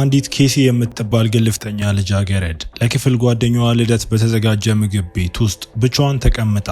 አንዲት ኬሲ የምትባል ግልፍተኛ ልጃገረድ ለክፍል ጓደኛዋ ልደት በተዘጋጀ ምግብ ቤት ውስጥ ብቻዋን ተቀምጣ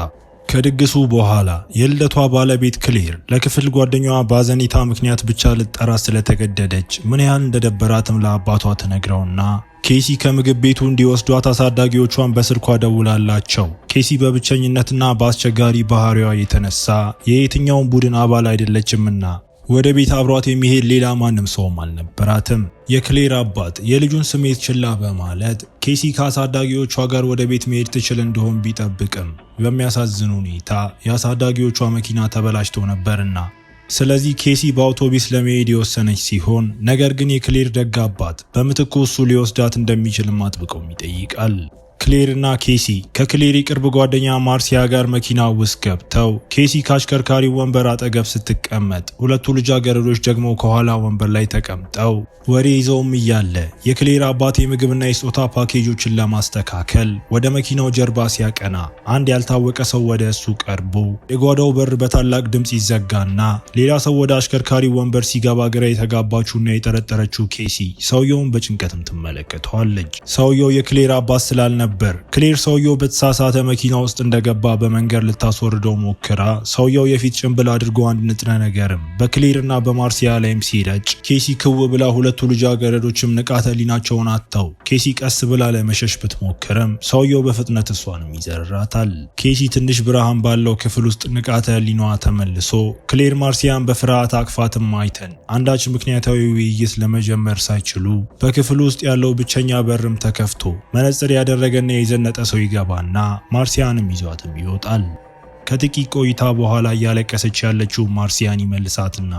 ከድግሱ በኋላ የልደቷ ባለቤት ክሌር ለክፍል ጓደኛዋ በአዘኔታ ምክንያት ብቻ ልጠራ ስለተገደደች ምን ያህል እንደደበራትም ለአባቷ ትነግረውና ኬሲ ከምግብ ቤቱ እንዲወስዷት አሳዳጊዎቿን በስልኳ ደውላላቸው። ኬሲ በብቸኝነትና በአስቸጋሪ ባህሪዋ የተነሳ የየትኛውን ቡድን አባል አይደለችምና ወደ ቤት አብሯት የሚሄድ ሌላ ማንም ሰውም አልነበራትም። የክሌር አባት የልጁን ስሜት ችላ በማለት ኬሲ ከአሳዳጊዎቿ ጋር ወደ ቤት መሄድ ትችል እንደሆን ቢጠብቅም በሚያሳዝን ሁኔታ የአሳዳጊዎቿ መኪና ተበላሽቶ ነበርና ስለዚህ ኬሲ በአውቶቢስ ለመሄድ የወሰነች ሲሆን ነገር ግን የክሌር ደግ አባት በምትኩ እሱ ሊወስዳት እንደሚችልም አጥብቀውም ይጠይቃል። ክሌር እና ኬሲ ከክሌር የቅርብ ጓደኛ ማርሲያ ጋር መኪና ውስጥ ገብተው ኬሲ ከአሽከርካሪ ወንበር አጠገብ ስትቀመጥ፣ ሁለቱ ልጃገረዶች ደግሞ ከኋላ ወንበር ላይ ተቀምጠው ወሬ ይዘውም እያለ የክሌር አባት የምግብና የስጦታ ፓኬጆችን ለማስተካከል ወደ መኪናው ጀርባ ሲያቀና አንድ ያልታወቀ ሰው ወደ እሱ ቀርቦ የጓዳው በር በታላቅ ድምፅ ይዘጋና ሌላ ሰው ወደ አሽከርካሪ ወንበር ሲገባ ግራ የተጋባችውና የጠረጠረችው ኬሲ ሰውየውን በጭንቀትም ትመለከተዋለች። ሰውየው የክሌር አባት ስላልነበ ነበር። ክሌር ሰውየው በተሳሳተ መኪና ውስጥ እንደገባ በመንገድ ልታስወርደው ሞክራ፣ ሰውየው የፊት ጭንብል አድርጎ አንድ ንጥረ ነገርም በክሌር እና በማርሲያ ላይም ሲረጭ ኬሲ ክው ብላ፣ ሁለቱ ልጃገረዶችም ንቃተ ሊናቸውን አጥተው ኬሲ ቀስ ብላ ለመሸሽ ብትሞክርም ሰውየው በፍጥነት እሷንም ይዘርራታል። ኬሲ ትንሽ ብርሃን ባለው ክፍል ውስጥ ንቃተ ህሊናዋ ተመልሶ ክሌር ማርሲያን በፍርሃት አቅፋትም አይተን አንዳች ምክንያታዊ ውይይት ለመጀመር ሳይችሉ በክፍሉ ውስጥ ያለው ብቸኛ በርም ተከፍቶ መነጽር ያደረገ የፈለገና የዘነጠ ሰው ይገባና ማርሲያንም ይዟትም ይወጣል። ከጥቂት ቆይታ በኋላ እያለቀሰች ያለችው ማርሲያን ይመልሳትና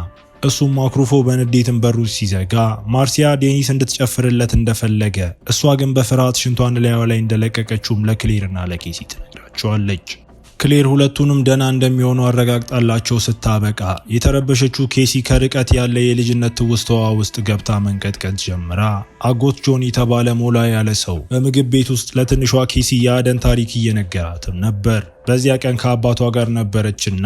እሱም አኩርፎ በንዴትን በሩ ሲዘጋ ማርሲያ ዴኒስ እንድትጨፍርለት እንደፈለገ እሷ ግን በፍርሃት ሽንቷን ላዩ ላይ እንደለቀቀችውም ለክሌርና ለኬሲ ትነግራቸዋለች። ክሌር ሁለቱንም ደና እንደሚሆኑ አረጋግጣላቸው ስታበቃ የተረበሸችው ኬሲ ከርቀት ያለ የልጅነት ትውስታዋ ውስጥ ገብታ መንቀጥቀጥ ጀምራ አጎት ጆን የተባለ ሞላ ያለ ሰው በምግብ ቤት ውስጥ ለትንሿ ኬሲ የአደን ታሪክ እየነገራትም ነበር። በዚያ ቀን ከአባቷ ጋር ነበረችና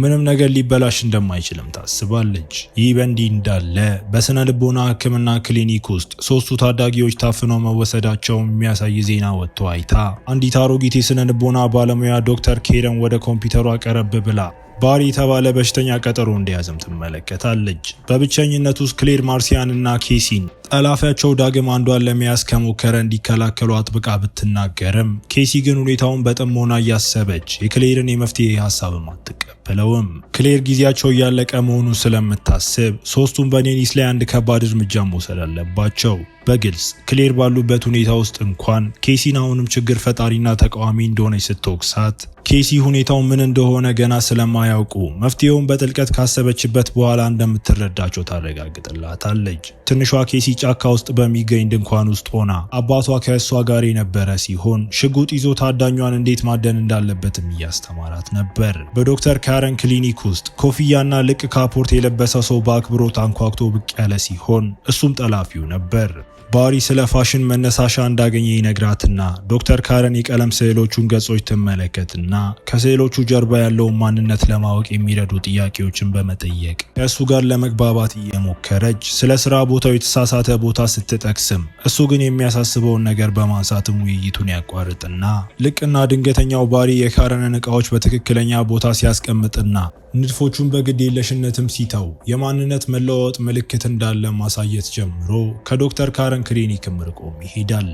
ምንም ነገር ሊበላሽ እንደማይችልም ታስባለች። ይህ በእንዲህ እንዳለ በስነ ልቦና ሕክምና ክሊኒክ ውስጥ ሶስቱ ታዳጊዎች ታፍነው መወሰዳቸውን የሚያሳይ ዜና ወጥቶ አይታ አንዲት አሮጊት የስነ ልቦና ባለሙያ ዶክተር ኬረን ወደ ኮምፒውተሯ ቀረብ ብላ ባሪ የተባለ በሽተኛ ቀጠሮ እንደያዘም ትመለከታለች። በብቸኝነት ውስጥ ክሌር ማርሲያን እና ኬሲን ጠላፊያቸው ዳግም አንዷን ለመያዝ ከሞከረ እንዲከላከሉ አጥብቃ ብትናገርም ኬሲ ግን ሁኔታውን በጥሞና እያሰበች የክሌርን የመፍትሄ ሀሳብም አትቀበለውም። ክሌር ጊዜያቸው እያለቀ መሆኑን ስለምታስብ ሶስቱም በኔኒስ ላይ አንድ ከባድ እርምጃ መውሰድ አለባቸው። በግልጽ ክሌር ባሉበት ሁኔታ ውስጥ እንኳን ኬሲን አሁንም ችግር ፈጣሪና ተቃዋሚ እንደሆነች ስትወቅሳት ኬሲ ሁኔታው ምን እንደሆነ ገና ስለማያውቁ መፍትሄውን በጥልቀት ካሰበችበት በኋላ እንደምትረዳቸው ታረጋግጥላታለች። ትንሿ ኬሲ ጫካ ውስጥ በሚገኝ ድንኳን ውስጥ ሆና አባቷ ከእሷ ጋር የነበረ ሲሆን ሽጉጥ ይዞ ታዳኟን እንዴት ማደን እንዳለበትም እያስተማራት ነበር። በዶክተር ካረን ክሊኒክ ውስጥ ኮፍያና ልቅ ካፖርት የለበሰ ሰው በአክብሮት አንኳኩቶ ብቅ ያለ ሲሆን እሱም ጠላፊው ነበር። ባሪ ስለ ፋሽን መነሳሻ እንዳገኘ ይነግራትና ዶክተር ካረን የቀለም ስዕሎቹን ገጾች ትመለከትና ከስዕሎቹ ጀርባ ያለውን ማንነት ለማወቅ የሚረዱ ጥያቄዎችን በመጠየቅ ከእሱ ጋር ለመግባባት እየሞከረች ስለ ስራ ቦታው የተሳሳተ ቦታ ስትጠቅስም እሱ ግን የሚያሳስበውን ነገር በማንሳትም ውይይቱን ያቋርጥና ልቅና ድንገተኛው ባሪ የካረንን እቃዎች በትክክለኛ ቦታ ሲያስቀምጥና ንድፎቹን በግድ የለሽነትም ሲተው የማንነት መለዋወጥ ምልክት እንዳለ ማሳየት ጀምሮ ከዶክተር ካረን ክሊኒክም ርቆም ይሄዳል።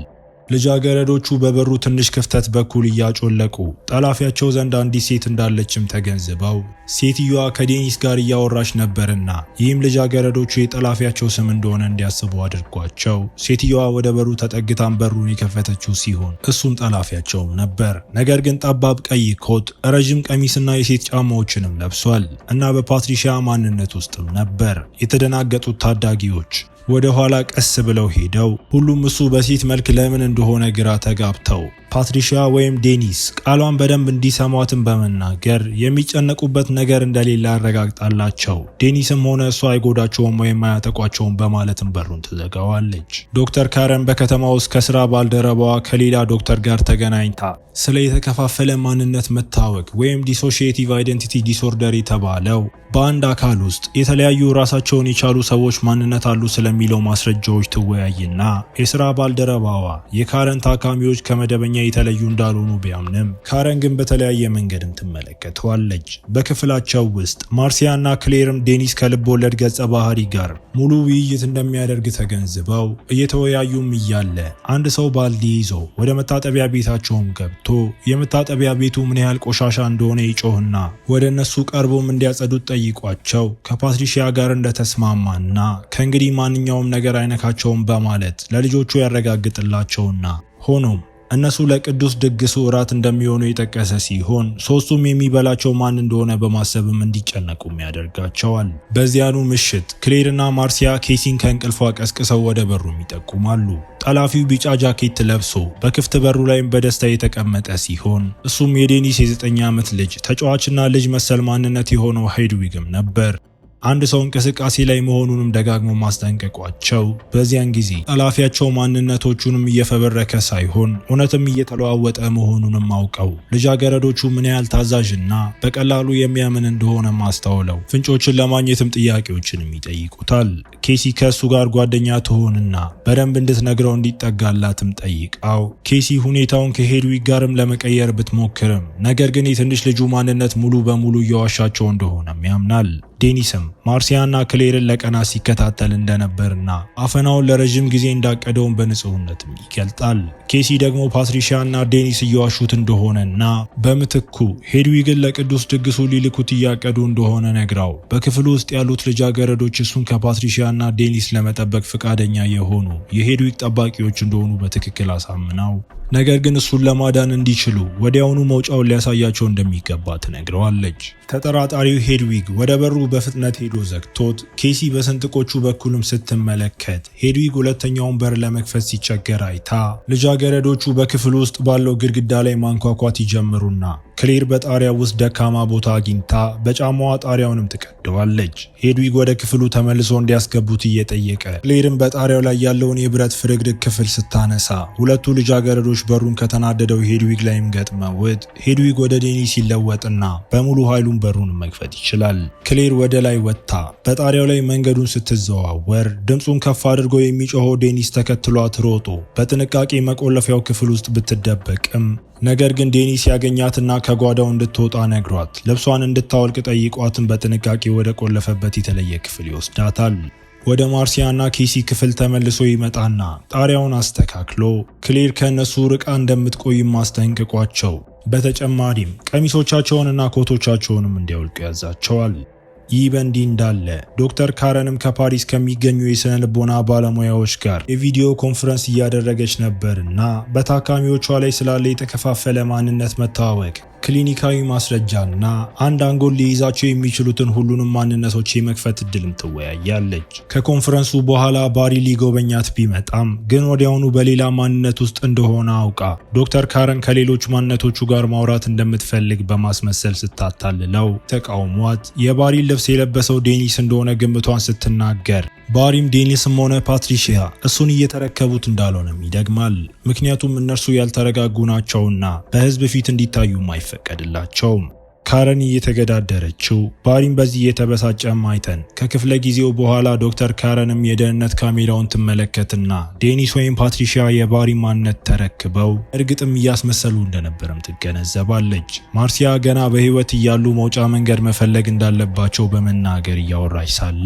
ልጃገረዶቹ በበሩ ትንሽ ክፍተት በኩል እያጮለቁ ጠላፊያቸው ዘንድ አንዲት ሴት እንዳለችም ተገንዝበው ሴትዮዋ ከዴኒስ ጋር እያወራች ነበርና ይህም ልጃገረዶቹ የጠላፊያቸው ስም እንደሆነ እንዲያስቡ አድርጓቸው ሴትዮዋ ወደ በሩ ተጠግታን በሩን የከፈተችው ሲሆን እሱም ጠላፊያቸውም ነበር። ነገር ግን ጠባብ ቀይ ኮት፣ ረዥም ቀሚስና የሴት ጫማዎችንም ለብሷል እና በፓትሪሺያ ማንነት ውስጥም ነበር። የተደናገጡት ታዳጊዎች ወደ ኋላ ቀስ ብለው ሄደው ሁሉም እሱ በሴት መልክ ለምን እንደሆነ ግራ ተጋብተው ፓትሪሻ ወይም ዴኒስ ቃሏን በደንብ እንዲሰሟትን በመናገር የሚጨነቁበት ነገር እንደሌለ አረጋግጣላቸው ዴኒስም ሆነ እሷ አይጎዳቸውም ወይም አያጠቋቸውም በማለትም በሩን ትዘጋዋለች። ዶክተር ካረን በከተማ ውስጥ ከስራ ባልደረባዋ ከሌላ ዶክተር ጋር ተገናኝታ ስለ የተከፋፈለ ማንነት መታወክ ወይም ዲሶሺዬቲቭ አይደንቲቲ ዲስኦርደር የተባለው በአንድ አካል ውስጥ የተለያዩ ራሳቸውን የቻሉ ሰዎች ማንነት አሉ ስለሚለው ማስረጃዎች ትወያይና የስራ ባልደረባዋ የካረን ታካሚዎች ከመደበኛ የተለዩ እንዳልሆኑ ቢያምንም ካረን ግን በተለያየ መንገድም ትመለከተዋለች። በክፍላቸው ውስጥ ማርሲያና ክሌርም ዴኒስ ከልብ ወለድ ገጸ ባህሪ ጋር ሙሉ ውይይት እንደሚያደርግ ተገንዝበው እየተወያዩም እያለ አንድ ሰው ባልዲ ይዞ ወደ መታጠቢያ ቤታቸውም ገብቶ የመታጠቢያ ቤቱ ምን ያህል ቆሻሻ እንደሆነ ይጮህና ወደ እነሱ ቀርቦም እንዲያጸዱት ጠይቋቸው ከፓትሪሺያ ጋር እንደተስማማና ከእንግዲህ ማንኛውም ነገር አይነካቸውም በማለት ለልጆቹ ያረጋግጥላቸውና ሆኖም እነሱ ለቅዱስ ድግሱ እራት እንደሚሆኑ የጠቀሰ ሲሆን ሶስቱም የሚበላቸው ማን እንደሆነ በማሰብም እንዲጨነቁም ያደርጋቸዋል። በዚያኑ ምሽት ክሌርና ማርሲያ ኬሲን ከእንቅልፏ ቀስቅሰው ወደ በሩም ይጠቁማሉ። ጠላፊው ቢጫ ጃኬት ለብሶ በክፍት በሩ ላይም በደስታ የተቀመጠ ሲሆን እሱም የዴኒስ የዘጠኝ ዓመት ልጅ ተጫዋችና ልጅ መሰል ማንነት የሆነው ሄድዊግም ነበር። አንድ ሰው እንቅስቃሴ ላይ መሆኑንም ደጋግሞ ማስጠንቀቋቸው፣ በዚያን ጊዜ ጠላፊያቸው ማንነቶቹንም እየፈበረከ ሳይሆን እውነትም እየተለዋወጠ መሆኑንም አውቀው ልጃገረዶቹ ምን ያህል ታዛዥና በቀላሉ የሚያምን እንደሆነ ማስተውለው ፍንጮችን ለማግኘትም ጥያቄዎችንም ይጠይቁታል። ኬሲ ከእሱ ጋር ጓደኛ ትሆንና በደንብ እንድትነግረው እንዲጠጋላትም ጠይቃው፣ ኬሲ ሁኔታውን ከሄድዊግ ጋርም ለመቀየር ብትሞክርም ነገር ግን የትንሽ ልጁ ማንነት ሙሉ በሙሉ እየዋሻቸው እንደሆነም ያምናል። ዴኒስም ማርሲያና ክሌርን ለቀናት ሲከታተል እንደነበርና አፈናውን ለረዥም ጊዜ እንዳቀደውን በንጹህነትም ይገልጣል። ኬሲ ደግሞ ፓትሪሻና ዴኒስ እየዋሹት እንደሆነና በምትኩ ሄድዊግን ለቅዱስ ድግሱ ሊልኩት እያቀዱ እንደሆነ ነግራው በክፍሉ ውስጥ ያሉት ልጃገረዶች እሱን ከፓትሪሻና ዴኒስ ለመጠበቅ ፈቃደኛ የሆኑ የሄድዊግ ጠባቂዎች እንደሆኑ በትክክል አሳምናው ነገር ግን እሱን ለማዳን እንዲችሉ ወዲያውኑ መውጫውን ሊያሳያቸው እንደሚገባ ትነግረዋለች። ተጠራጣሪው ሄድዊግ ወደ በሩ በፍጥነት ሄዶ ዘግቶት ኬሲ በስንጥቆቹ በኩልም ስትመለከት ሄድዊግ ሁለተኛውን በር ለመክፈት ሲቸገር አይታ ልጃገረዶቹ በክፍል ውስጥ ባለው ግድግዳ ላይ ማንኳኳት ይጀምሩና ክሌር በጣሪያ ውስጥ ደካማ ቦታ አግኝታ በጫማዋ ጣሪያውንም ትቀደዋለች። ሄድዊግ ወደ ክፍሉ ተመልሶ እንዲያስገቡት እየጠየቀ ክሌርም በጣሪያው ላይ ያለውን የብረት ፍርግርግ ክፍል ስታነሳ ሁለቱ ልጃገረዶች በሩን ከተናደደው ሄድዊግ ላይም ገጥመውት ሄድዊግ ወደ ዴኒ ሲለወጥና በሙሉ ኃይሉን በሩን መክፈት ይችላል። ክሌር ወደ ላይ ወጥታ በጣሪያው ላይ መንገዱን ስትዘዋወር ድምፁን ከፍ አድርጎ የሚጮኸው ዴኒስ ተከትሏት ሮጦ በጥንቃቄ መቆለፊያው ክፍል ውስጥ ብትደበቅም ነገር ግን ዴኒስ ያገኛትና ከጓዳው እንድትወጣ ነግሯት ልብሷን እንድታወልቅ ጠይቋትን በጥንቃቄ ወደ ቆለፈበት የተለየ ክፍል ይወስዳታል። ወደ ማርሲያና ኬሲ ክፍል ተመልሶ ይመጣና ጣሪያውን አስተካክሎ ክሌር ከእነሱ ርቃ እንደምትቆይም ማስጠንቅቋቸው በተጨማሪም ቀሚሶቻቸውንና ኮቶቻቸውንም እንዲያወልቁ ያዛቸዋል። ይህ በእንዲህ እንዳለ ዶክተር ካረንም ከፓሪስ ከሚገኙ የስነ ልቦና ባለሙያዎች ጋር የቪዲዮ ኮንፈረንስ እያደረገች ነበር እና በታካሚዎቿ ላይ ስላለ የተከፋፈለ ማንነት መተዋወቅ ክሊኒካዊ ማስረጃ እና አንድ አንጎል ሊይዛቸው የሚችሉትን ሁሉንም ማንነቶች የመክፈት እድልም ትወያያለች። ከኮንፈረንሱ በኋላ ባሪ ሊጎበኛት ቢመጣም ግን ወዲያውኑ በሌላ ማንነት ውስጥ እንደሆነ አውቃ ዶክተር ካረን ከሌሎች ማንነቶቹ ጋር ማውራት እንደምትፈልግ በማስመሰል ስታታልለው ተቃውሟት የባሪ ልብስ የለበሰው ዴኒስ እንደሆነ ግምቷን ስትናገር ባሪም ዴኒስም ሆነ ፓትሪሺያ እሱን እየተረከቡት እንዳልሆነም ይደግማል። ምክንያቱም እነርሱ ያልተረጋጉ ናቸውና በህዝብ ፊት እንዲታዩ ማይፈ አይፈቀድላቸውም። ካረን እየተገዳደረችው ባሪም በዚህ እየተበሳጨም አይተን ከክፍለ ጊዜው በኋላ ዶክተር ካረንም የደህንነት ካሜራውን ትመለከትና ዴኒስ ወይም ፓትሪሺያ የባሪ ማንነት ተረክበው እርግጥም እያስመሰሉ እንደነበረም ትገነዘባለች። ማርሲያ ገና በህይወት እያሉ መውጫ መንገድ መፈለግ እንዳለባቸው በመናገር እያወራች ሳለ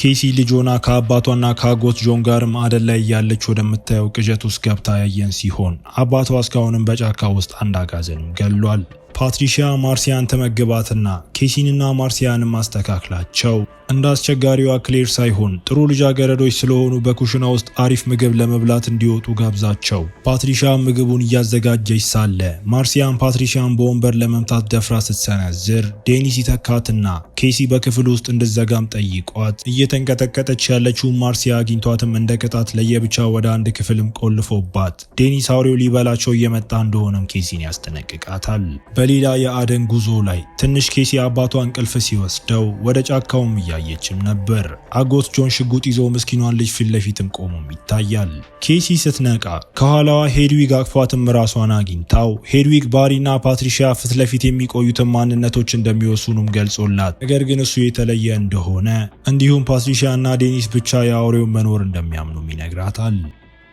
ኬሲ ልጆና ከአባቷና ከአጎት ጆን ጋር ማዕደን ላይ እያለች ወደምታየው ቅዠት ውስጥ ገብታ ያየን ሲሆን አባቷ እስካሁንም በጫካ ውስጥ አንድ አጋዘን ገሏል። ፓትሪሺያ ማርሲያን ተመግባትና ኬሲንና ማርሲያንም ማስተካክላቸው እንደ አስቸጋሪዋ ክሌር ሳይሆን ጥሩ ልጃገረዶች ስለሆኑ በኩሽና ውስጥ አሪፍ ምግብ ለመብላት እንዲወጡ ጋብዛቸው። ፓትሪሻ ምግቡን እያዘጋጀች ሳለ ማርሲያን ፓትሪሻን በወንበር ለመምታት ደፍራ ስትሰነዝር ዴኒስ ይተካትና ኬሲ በክፍል ውስጥ እንድዘጋም ጠይቋት። እየተንቀጠቀጠች ያለችው ማርሲያ አግኝቷትም እንደ ቅጣት ለየብቻ ወደ አንድ ክፍልም ቆልፎባት ዴኒስ አውሬው ሊበላቸው እየመጣ እንደሆነም ኬሲን ያስጠነቅቃታል። በሌላ የአደን ጉዞ ላይ ትንሽ ኬሲ አባቷ እንቅልፍ ሲወስደው ወደ ጫካውም እያየችም ነበር። አጎት ጆን ሽጉጥ ይዞ ምስኪኗን ልጅ ፊት ለፊትም ቆሞም ይታያል። ኬሲ ስትነቃ ከኋላዋ ሄድዊግ አቅፏትም ራሷን አግኝታው ሄድዊግ ባሪና ፓትሪሺያ ፊት ለፊት የሚቆዩትን ማንነቶች እንደሚወስኑም ገልጾላት፣ ነገር ግን እሱ የተለየ እንደሆነ እንዲሁም ፓትሪሺያ እና ዴኒስ ብቻ የአውሬውን መኖር እንደሚያምኑም ይነግራታል።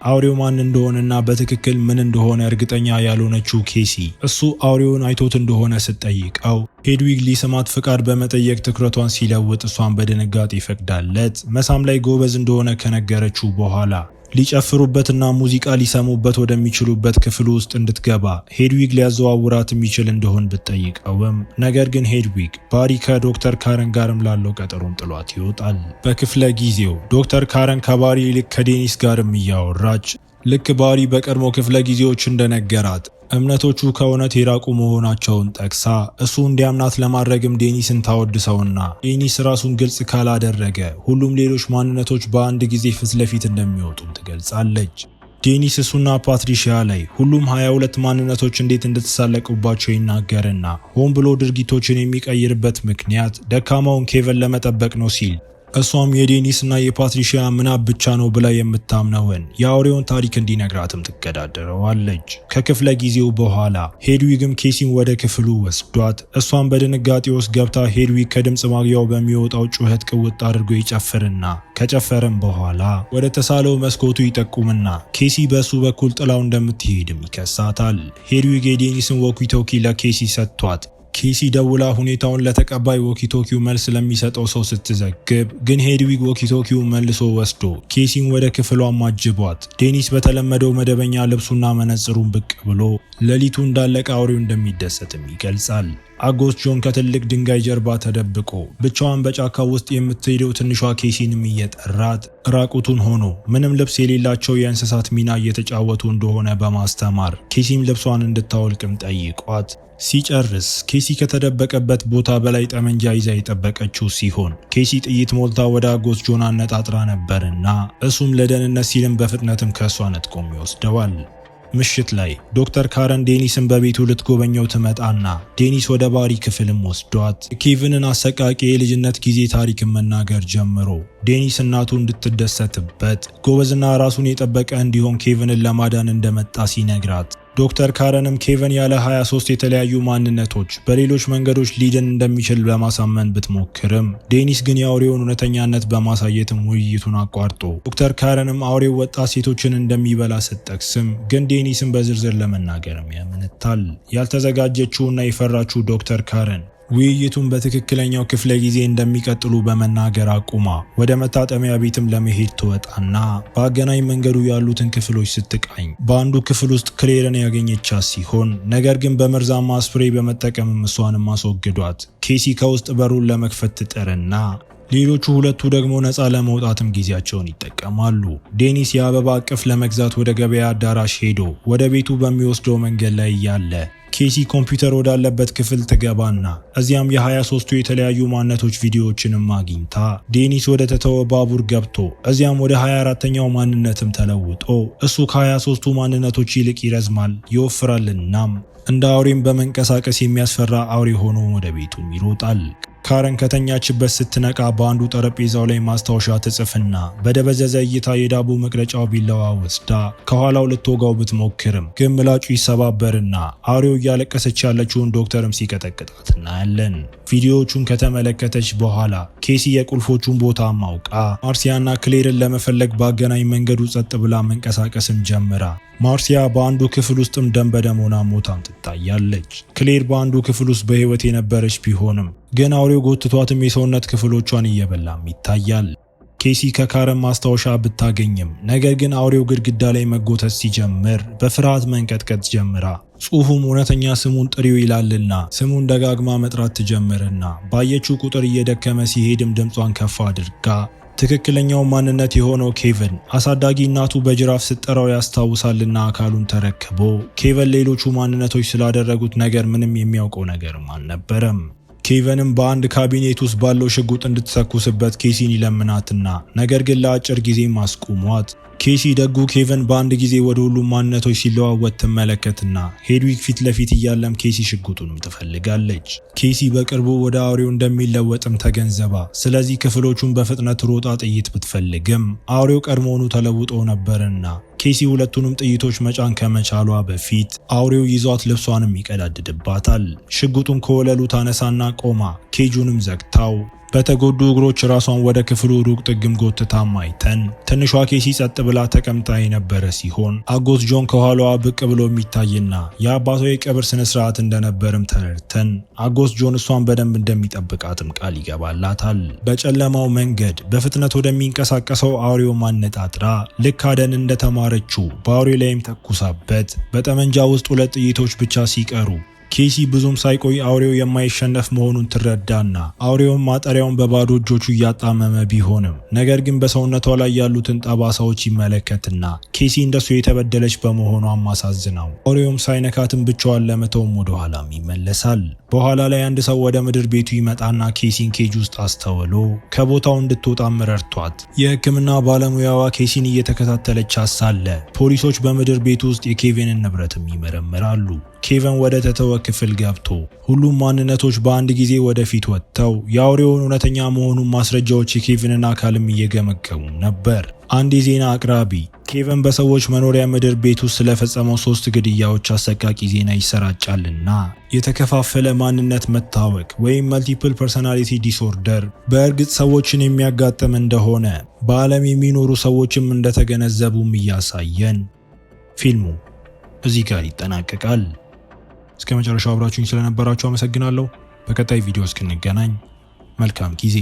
አውሬው ማን እንደሆነና በትክክል ምን እንደሆነ እርግጠኛ ያልሆነችው ኬሲ እሱ አውሬውን አይቶት እንደሆነ ስትጠይቀው ሄድዊግ ሊሰማት ፍቃድ በመጠየቅ ትኩረቷን ሲለውጥ እሷን በድንጋጤ ይፈቅዳለት መሳም ላይ ጎበዝ እንደሆነ ከነገረችው በኋላ ሊጨፍሩበትና ሙዚቃ ሊሰሙበት ወደሚችሉበት ክፍል ውስጥ እንድትገባ ሄድዊግ ሊያዘዋውራት የሚችል እንደሆን ብትጠይቀውም ነገር ግን ሄድዊግ ባሪ ከዶክተር ካረን ጋርም ላለው ቀጠሮን ጥሏት ይወጣል። በክፍለ ጊዜው ዶክተር ካረን ከባሪ ይልቅ ከዴኒስ ጋርም እያወራች ልክ ባሪ በቀድሞ ክፍለ ጊዜዎች እንደነገራት እምነቶቹ ከእውነት የራቁ መሆናቸውን ጠቅሳ እሱ እንዲያምናት ለማድረግም ዴኒስን ታወድሰውና ዴኒስ ራሱን ግልጽ ካላደረገ ሁሉም ሌሎች ማንነቶች በአንድ ጊዜ ፊት ለፊት እንደሚወጡም ትገልጻለች። ዴኒስ እሱና ፓትሪሺያ ላይ ሁሉም 22 ማንነቶች እንዴት እንደተሳለቁባቸው ይናገርና ሆን ብሎ ድርጊቶችን የሚቀይርበት ምክንያት ደካማውን ኬቨን ለመጠበቅ ነው ሲል እሷም የዴኒስ እና የፓትሪሺያ ምናብ ብቻ ነው ብላ የምታምነውን የአውሬውን ታሪክ እንዲነግራትም ትገዳደረዋለች። ከክፍለ ጊዜው በኋላ ሄድዊግም ኬሲን ወደ ክፍሉ ወስዷት እሷም በድንጋጤ ውስጥ ገብታ ሄድዊግ ከድምፅ ማግያው በሚወጣው ጩኸት ቅውጥ አድርጎ ይጨፍርና ከጨፈረም በኋላ ወደ ተሳለው መስኮቱ ይጠቁምና ኬሲ በእሱ በኩል ጥላው እንደምትሄድም ይከሳታል። ሄድዊግ የዴኒስን ወኪቶኪ ለኬሲ ሰጥቷት ኬሲ ደውላ ሁኔታውን ለተቀባይ ወኪቶኪው መልስ ለሚሰጠው ሰው ስትዘግብ ግን ሄድዊግ ወኪቶኪው መልሶ ወስዶ ኬሲን ወደ ክፍሏ ማጅቧት ዴኒስ በተለመደው መደበኛ ልብሱና መነጽሩን ብቅ ብሎ ሌሊቱ እንዳለቀ አውሬው እንደሚደሰትም ይገልጻል። አጎት ጆን ከትልቅ ድንጋይ ጀርባ ተደብቆ ብቻዋን በጫካ ውስጥ የምትሄደው ትንሿ ኬሲንም እየጠራት ራቁቱን ሆኖ ምንም ልብስ የሌላቸው የእንስሳት ሚና እየተጫወቱ እንደሆነ በማስተማር ኬሲም ልብሷን እንድታወልቅም ጠይቋት። ሲጨርስ ኬሲ ከተደበቀበት ቦታ በላይ ጠመንጃ ይዛ የጠበቀችው ሲሆን ኬሲ ጥይት ሞልታ ወደ አጎት ጆን አነጣጥራ ነበርና እሱም ለደህንነት ሲልም በፍጥነትም ከእሷ ነጥቆም ይወስደዋል። ምሽት ላይ ዶክተር ካረን ዴኒስን በቤቱ ልትጎበኘው ትመጣና ዴኒስ ወደ ባሪ ክፍልም ወስዷት ኬቪንን አሰቃቂ የልጅነት ጊዜ ታሪክን መናገር ጀምሮ ዴኒስ እናቱ እንድትደሰትበት ጎበዝና ራሱን የጠበቀ እንዲሆን ኬቪንን ለማዳን እንደመጣ ሲነግራት ዶክተር ካረንም ኬቨን ያለ 23 የተለያዩ ማንነቶች በሌሎች መንገዶች ሊድን እንደሚችል በማሳመን ብትሞክርም ዴኒስ ግን የአውሬውን እውነተኛነት በማሳየትም ውይይቱን አቋርጦ ዶክተር ካረንም አውሬው ወጣት ሴቶችን እንደሚበላ ስትጠቅስም ግን ዴኒስን በዝርዝር ለመናገርም ያልተዘጋጀችው ያልተዘጋጀችውና የፈራችው ዶክተር ካረን ውይይቱን በትክክለኛው ክፍለ ጊዜ እንደሚቀጥሉ በመናገር አቁማ ወደ መታጠሚያ ቤትም ለመሄድ ትወጣና በአገናኝ መንገዱ ያሉትን ክፍሎች ስትቃኝ በአንዱ ክፍል ውስጥ ክሌርን ያገኘቻት ሲሆን ነገር ግን በመርዛማ ስፕሬ በመጠቀም እሷንም አስወግዷት። ኬሲ ከውስጥ በሩን ለመክፈት ትጥርና ሌሎቹ ሁለቱ ደግሞ ነፃ ለመውጣትም ጊዜያቸውን ይጠቀማሉ። ዴኒስ የአበባ እቅፍ ለመግዛት ወደ ገበያ አዳራሽ ሄዶ ወደ ቤቱ በሚወስደው መንገድ ላይ እያለ ኬሲ ኮምፒውተር ወዳለበት ክፍል ትገባና እዚያም የ23ቱ የተለያዩ ማንነቶች ቪዲዮዎችንም አግኝታ ዴኒስ ወደ ተተወ ባቡር ገብቶ እዚያም ወደ 24ተኛው ማንነትም ተለውጦ እሱ ከ23ቱ ማንነቶች ይልቅ ይረዝማል ይወፍራልናም እንደ አውሬም በመንቀሳቀስ የሚያስፈራ አውሬ ሆኖ ወደ ቤቱም ይሮጣል። ካረን ከተኛችበት ስትነቃ በአንዱ ጠረጴዛው ላይ ማስታወሻ ትጽፍና በደበዘዘ እይታ የዳቦ መቅረጫው ቢላዋ ወስዳ ከኋላው ልትወጋው ብትሞክርም ግን ምላጩ ይሰባበርና አውሬው እያለቀሰች ያለችውን ዶክተርም ሲቀጠቅጣት እናያለን። ቪዲዮዎቹን ከተመለከተች በኋላ ኬሲ የቁልፎቹን ቦታ ማውቃ ማርሲያና ክሌርን ለመፈለግ በአገናኝ መንገዱ ጸጥ ብላ መንቀሳቀስም ጀምራ ማርሲያ በአንዱ ክፍል ውስጥም ደም በደም ሆና ሞታም ትታያለች። ክሌር በአንዱ ክፍል ውስጥ በህይወት የነበረች ቢሆንም ግን አውሬው ጎትቷትም የሰውነት ክፍሎቿን እየበላም ይታያል። ኬሲ ከካረን ማስታወሻ ብታገኝም ነገር ግን አውሬው ግድግዳ ላይ መጎተት ሲጀምር በፍርሃት መንቀጥቀጥ ጀምራ ጽሑፉም እውነተኛ ስሙን ጥሪው ይላልና ስሙን ደጋግማ መጥራት ትጀምርና ባየችው ቁጥር እየደከመ ሲሄድም ድምጿን ከፍ አድርጋ ትክክለኛው ማንነት የሆነው ኬቨን አሳዳጊ እናቱ በጅራፍ ስትጠራው ያስታውሳልና አካሉን ተረክቦ ኬቨን ሌሎቹ ማንነቶች ስላደረጉት ነገር ምንም የሚያውቀው ነገርም አልነበረም። ኬቨንም በአንድ ካቢኔት ውስጥ ባለው ሽጉጥ እንድትተኩስበት ኬሲን ይለምናትና ነገር ግን ለአጭር ጊዜ ማስቆሟት ኬሲ ደጉ ኬቨን በአንድ ጊዜ ወደ ሁሉም ማንነቶች ሲለዋወጥ ትመለከትና ሄድዊግ ፊት ለፊት እያለም ኬሲ ሽጉጡንም ትፈልጋለች። ኬሲ በቅርቡ ወደ አውሬው እንደሚለወጥም ተገንዘባ፣ ስለዚህ ክፍሎቹን በፍጥነት ሮጣ ጥይት ብትፈልግም አውሬው ቀድሞውኑ ተለውጦ ነበርና ኬሲ ሁለቱንም ጥይቶች መጫን ከመቻሏ በፊት አውሬው ይዟት ልብሷንም ይቀዳድድባታል። ሽጉጡን ከወለሉ ታነሳና ቆማ ኬጁንም ዘግታው በተጎዱ እግሮች ራሷን ወደ ክፍሉ ሩቅ ጥግም ጎትታ ማይተን ትንሿ ኬሲ ጸጥ ብላ ተቀምጣ የነበረ ሲሆን አጎት ጆን ከኋላዋ ብቅ ብሎ የሚታይና የአባቷ የቀብር ስነስርዓት እንደነበርም ተረድተን አጎት ጆን እሷን በደንብ እንደሚጠብቃትም ቃል ይገባላታል። በጨለማው መንገድ በፍጥነት ወደሚንቀሳቀሰው አውሬው ማነጣጥራ ልክ አደን እንደተማረችው በአውሬ ላይም ተኩሳበት። በጠመንጃ ውስጥ ሁለት ጥይቶች ብቻ ሲቀሩ ኬሲ ብዙም ሳይቆይ አውሬው የማይሸነፍ መሆኑን ትረዳና አውሬውን ማጠሪያውን በባዶ እጆቹ እያጣመመ ቢሆንም ነገር ግን በሰውነቷ ላይ ያሉትን ጠባሳዎች ይመለከትና ኬሲ እንደሱ የተበደለች በመሆኗ አማሳዝነው አውሬውም ሳይነካትን ብቻዋን ለመተውም ወደኋላም ይመለሳል። በኋላ ላይ አንድ ሰው ወደ ምድር ቤቱ ይመጣና ኬሲን ኬጅ ውስጥ አስተውሎ ከቦታው እንድትወጣም ረድቷት። የህክምና ባለሙያዋ ኬሲን እየተከታተለች ሳለ ፖሊሶች በምድር ቤቱ ውስጥ የኬቪንን ንብረትም ይመረምራሉ። ኬቨን ወደ ተተወ ክፍል ገብቶ ሁሉም ማንነቶች በአንድ ጊዜ ወደፊት ወጥተው የአውሬውን እውነተኛ መሆኑን ማስረጃዎች የኬቪንን አካልም እየገመገሙ ነበር። አንድ የዜና አቅራቢ ኬቨን በሰዎች መኖሪያ ምድር ቤት ውስጥ ስለፈጸመው ሶስት ግድያዎች አሰቃቂ ዜና ይሰራጫልና የተከፋፈለ ማንነት መታወቅ ወይም መልቲፕል ፐርሰናሊቲ ዲስኦርደር በእርግጥ ሰዎችን የሚያጋጥም እንደሆነ በዓለም የሚኖሩ ሰዎችም እንደተገነዘቡም እያሳየን ፊልሙ እዚህ ጋር ይጠናቀቃል። እስከ መጨረሻው አብራችሁኝ ስለነበራችሁ አመሰግናለሁ። በቀጣይ ቪዲዮ እስክንገናኝ መልካም ጊዜ